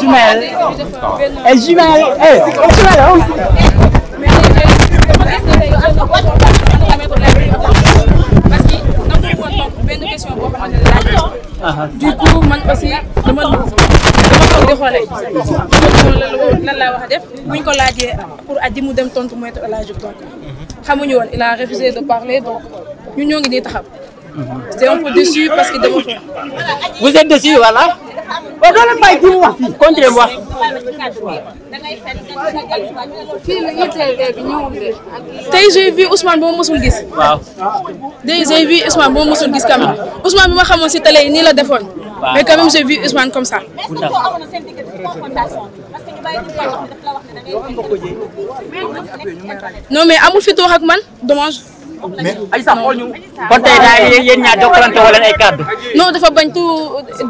jumelles. ay eh, jumelles eh, ay du coup man aussi dama dama toog di xoolee lan laa wax a def buñ ko laajee pour aji mu dem tontu mooy te laajut tontu xamuñu woon il a refusé de parler donc ñun ñoo ngi nii taxaw. Mhm. c'est un peu déçu parce que dama. vous êtes déçu voilà. waaw loolu mbay ji mu wax fii continué mu wax. tey j'ai vu Ousmane boo mosul gis. waaw. tey j'ai vu Ousmane boo gis quand même Ousmane bi ma xamoon si télé yi nii la defoon. mais quand même non mais amul fi wax ak man dommage. mais Adji Sarr xool ñu. kon a daal yéen ñaar jokkalante wala ay kàddu. non dafa bañ tout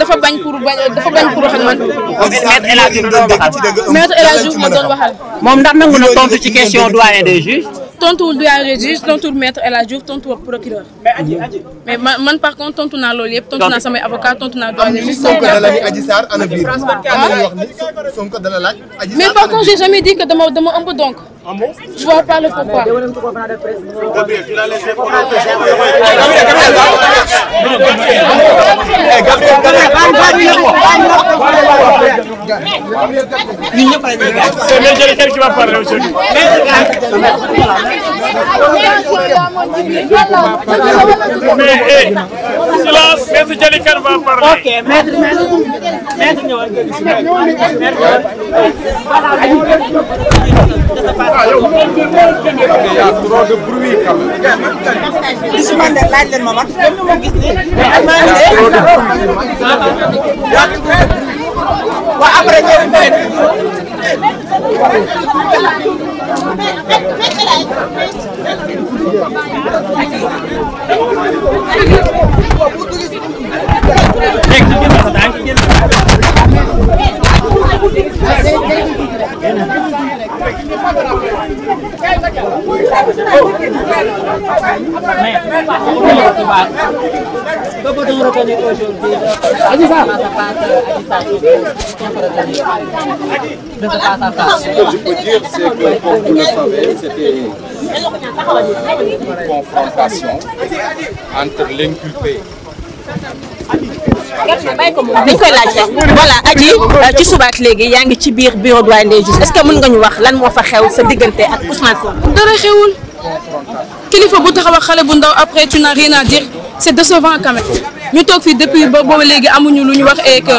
dafa bañ pour bañ dafa bañ pour xam man. maître El Hadji Diouf la doon waxal. maître El Hadji Diouf la doon waxal. moom ndax nangu na tontu ci question doyen de juges. tontuwul doyen juge tontuwul maître El Hadj Diouf tontuwul procureur. mais aji aji. mais man par contre tontu naa loolu yëpp tontu naa samay avocat tontu naa. doyen juge Sonko dala laaj Adji Sarr ana biir Sonko dala laaj Adji Sarr mais par contre j'ai jamais dit que dama dama ëmb donc. je vois pas le pourquoi. Gabriel, Mais silence, maître Dialika va parler. Ok, maître, maître, maître ñëwal. Il y a trop de bruit quand même. Ici man de laaj leen ma man. Ñoom ñoo gis ni. Waaw après ñëw Mais, que peut-on reconnaître aujourd'hui de ce face à face de ce face à face Ce que je peux dire, c'est que, comme vous le savez, c'était une confrontation entre l'inculpé dañ koy laajte voilà aji euh, ci subaak léegi yaa ngi ci biir bureau doyen des juges est mën nga ñu wax lan moo fa xew sa diggante ak Ousmane Sonko. dara xewul kilifa bu taxaw ak xale bu ndaw après tu n'as rien à dire c'est décevant quand même ñu toog fii depuis ba boobu léegi amuñu lu ñu wax et que.